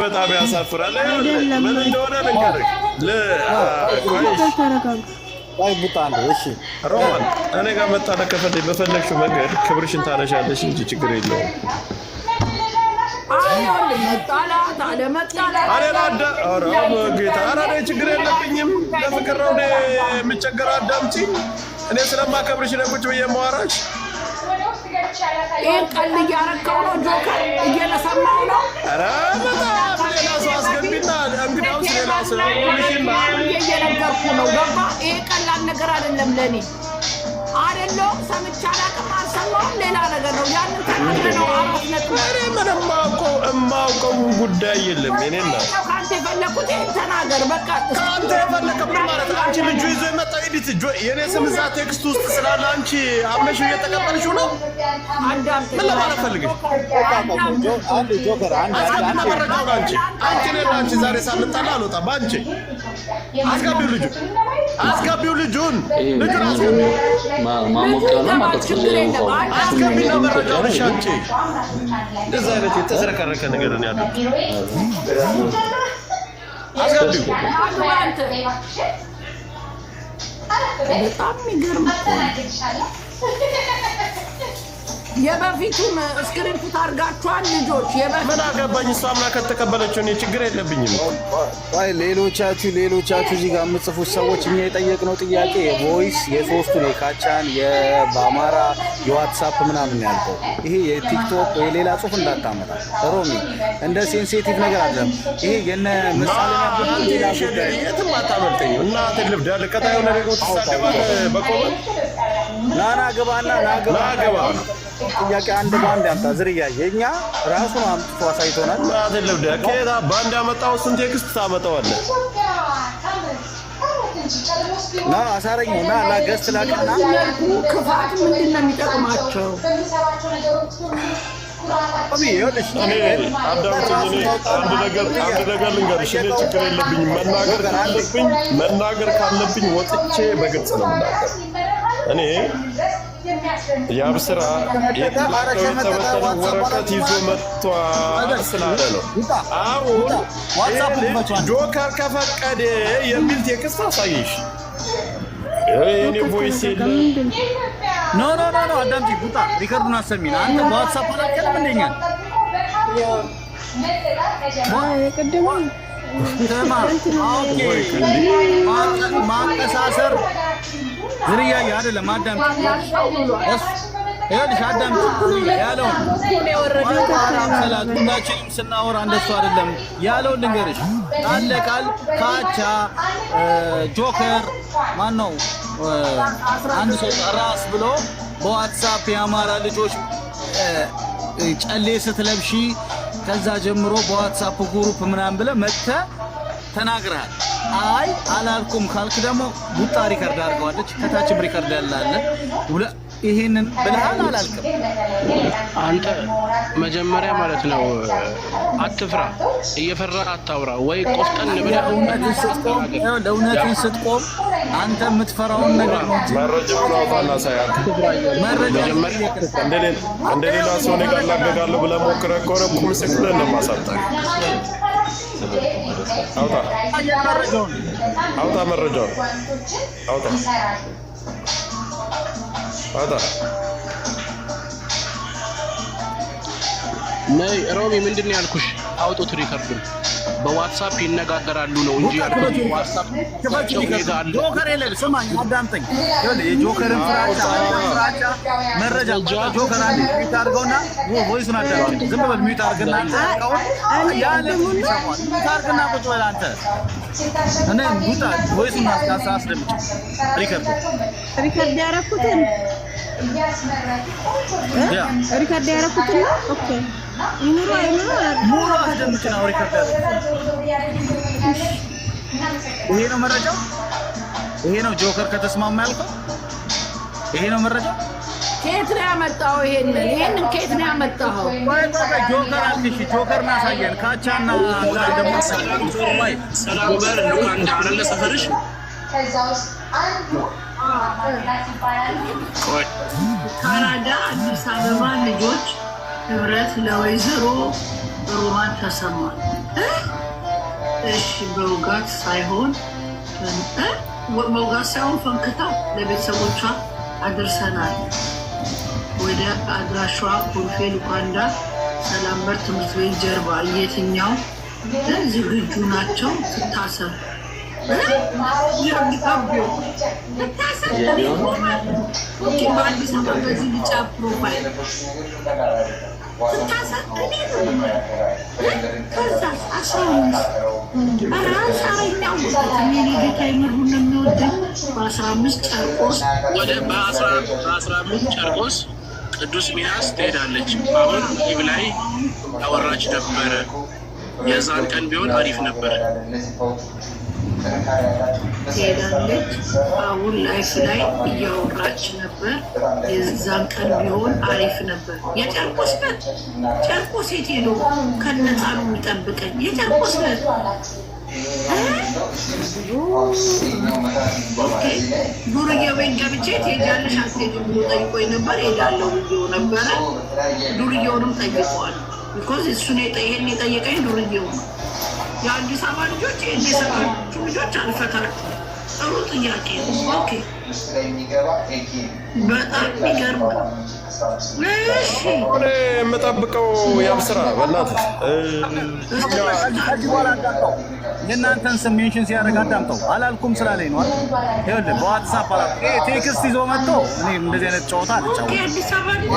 በጣም ያሳፍራል። ምን እንደሆነ ልንገርህ። ሮማን እኔ ጋር መጣላት ከፈለግሽ በፈለግሽው መንገድ ክብርሽን ታነሻለሽ እንጂ ችግር የለውም። አረ ችግር የለብኝም። ለፍቅር ነው የምቸገረው። አዳምጪ። እኔ ስለማከብርሽ ነው ቁጭ ብዬ የማወራሽ። ይህን ቀልድ እያረከው ነው ጆከር እየለሰማ ነገር አይደለም ለእኔ አይደለሁም። ሰምቼ አላውቅም፣ አልሰማሁም። ሌላ ነገር ነው። ያንን ተናግረህ ነው አራት ነጥብ። እኔ ምንም የማውቀው ጉዳይ የለም። እኔ እና የፈለኩት ተናገር። በቃ ከአንተ የፈለከ ምን ማለት አንቺ ልጁ ይዞ የመጣ ኤዲት የእኔ ስም እዛ ቴክስት ውስጥ ስላለ አንቺ አብለሽ እየተቀበልሽው ነው። ምን ለማለት ፈልገሽ? አስገብና መረጃውን አንቺ አንቺ ነ አንቺ ዛሬ ሳልጣላ አልወጣም። አንቺ አስገቢው ልጁ አስገቢው ልጁን ልጁን አስገቢው መረጃውን እሺ። አንቺ እንደዛ አይነት የተዝረከረከ ነገር ነው ያሉት አስገቢው። በጣም የሚገርም የበፊቱን እስክሪፕት አድርጋችኋል ልጆች። ምን አገባኝ? እሷ አምና ከተቀበለችው እኔ ችግር የለብኝም። አይ ሌሎቻችሁ ሌሎቻችሁ እዚህ ጋር የምጽፉት ሰዎች እኛ የጠየቅነው ጥያቄ የቮይስ የሶስቱን የካቻን፣ በአማራ የዋትሳፕ ምናምን ያልከው ይሄ የቲክቶክ የሌላ ጽሁፍ እንዳታመጣ ሮሚ፣ እንደ ሴንሴቲቭ ነገር አለም ይሄ የነ ምሳሌየትም አታመልጠኝ እና ትልብዳ ልቀጣ የሆነ ደግሞ ትሳደባል በቆመ ናና ግባና ናግባ ጥያቄ አንድ በአንድ ያምጣ ዝርያ የእኛ ራሱን አምጥቶ አሳይቶናል። አይደለም ደከ በአንድ ያመጣው ስንት ቴክስት ታመጣዋለህ? ና አሳረኝ ና ና ገስት ላክና ክፋት ምንድን ነው የሚጠቅማቸው? አንድ ነገር ልንገርሽ፣ እኔ ችግር የለብኝም። መናገር ካለብኝ መናገር ካለብኝ ወጥቼ በግልጽ ነው የምናገር እኔ የአብስራ የተበተነ ወረቀት ይዞ መጥቷል ስላለ ነው። አሁን ጆከር ከፈቀደ የሚል ቴክስት አሳየሽ። እኔ ቮይስ የለ ኖ ኖ ኖ ኖ አዳምጪ፣ ቡጣ ሪከርዱን አሰሚን። አንተ በዋትሳፕ አላቀርም እንደኛል ማቀሳሰር ዝርያ አይደለም። አዳምጪ፣ ይኸውልሽ አዳምጪ ያለው ሁላችንም ስናወራ እንደሱ አይደለም ያለው። ልንገርሽ ቃል ካቻ ጆከር ማን ነው አንድ ሰው ራስ ብሎ በዋትሳፕ የአማራ ልጆች ጨሌ ስትለብሺ ከዛ ጀምሮ በዋትሳፕ ጉሩፕ ምናምን ብለህ መጥተህ ተናግረሃል። አይ አላልኩም ካልክ ደግሞ ቡጣ ሪከርድ አድርገዋለች። ከታችም ሪከርድ ያላለ ይሄንን ብልሃል አላልክም። አንተ መጀመሪያ ማለት ነው አትፍራ፣ እየፈራ አታውራ። ወይ ቆፍጠን ብለህ ለእውነትን ስትቆም አንተ የምትፈራውን ነገር ሰው ቁም ነው አውጣ መረጃውን አውጣ መረጃውን አውጣ አውጣ። ነይ ሮሚ፣ ምንድን ነው ያልኩሽ? አውጡት ሪከርዱን በዋትሳፕ ይነጋገራሉ ነው እንጂ ጆከር የለም። ስማኝ አዳምጠኝ። የጆከርን ፍራቻ መረጃ ጆከር ሚዩት አድርገውና ቮይሱን ዝም በል ሚዩት ቁጭ በል አንተ ቮይሱን አስደምጭ ሪከርድ ሪከርድ ያረኩትን ሪከርድ ያደረኩት ነው። ኦኬ ይኑሩ አይኑሩ ሙሉ አስደምጭ ነው ሪከርድ ይሄ ነው መረጃው። ይሄ ነው ጆከር ከተስማማ ያልከው ይሄ ነው መረጃው። ኬት ነው ያመጣው? ይሄንን ይሄንን ከየት ነው ያመጣው? ወይ ጆከር አልሽ ጆከር ናሳየን ካቻና አላ ደግሞ ሰላም ሰላም ነው አንድ አረለ ሰፈርሽ ከዛውስ አንዱ ካናዳ አዲስ አበባ ልጆች ህብረት ለወይዘሮ ሮማን ተሰማል። እሺ በውጋት ሳይሆን መውጋት ሳይሆን ፈንክተው ለቤተሰቦቿ አድርሰናል። ወደ አድራሿ ኮልፌ ሉካንዳ ሰላምበር ትምህርት ቤት ጀርባ የትኛው ዝግጁ ናቸው ትታሰብ? በአዲስ ጨርቆስ በአስራ አምስት ጨርቆስ ቅዱስ ሚናስ ትሄዳለች። አሁን ይብ ላይ ያወራች ነበረ። የዛን ቀን ቢሆን አሪፍ ነበረ። ትሄዳለች። አሁን ላይፍ ላይ እያወራች ነበር። የዛን ቀን ቢሆን አሪፍ ነበር። የጨርቆስ በት ጨርቆስ የት ሄዶ ከነጻኑ የሚጠብቀኝ የጨርቆስ በት ዱርዬ ቤት ገብቼ ትሄጃለሽ አትሄጂም ብሎ ጠይቆኝ ነበር። ሄዳለሁ ብዬው ነበረ። ዱርዬውንም ጠይቀዋል። ቢኮዝ እሱን ይሄን የጠየቀኝ ዱርዬው ነው። የአዲስ አበባ ልጆች ይህን የሰራችሁ ልጆች አልፈታችሁ። ጥሩ ጥያቄ ነው። ኦኬ፣ በጣም የሚገርም የምጠብቀው ያው ስራ በእናትህ እናንተን ስም ሜንሽን ሲያደርግ አዳምጠው አላልኩም ስላለኝ ነው። ይኸውልህ በዋትሳፕ አላ ቴክስት ይዞ መጥቶ እኔ እንደዚህ አይነት ጨዋታ አልጫወትም።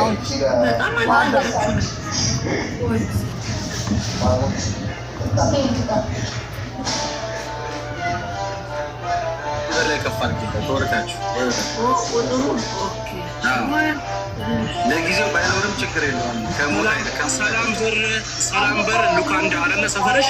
ለጊዜው ባይኖርም ችግር የለውም። ሰላም በር ሉካንዳ አለለ ሰፈረሽ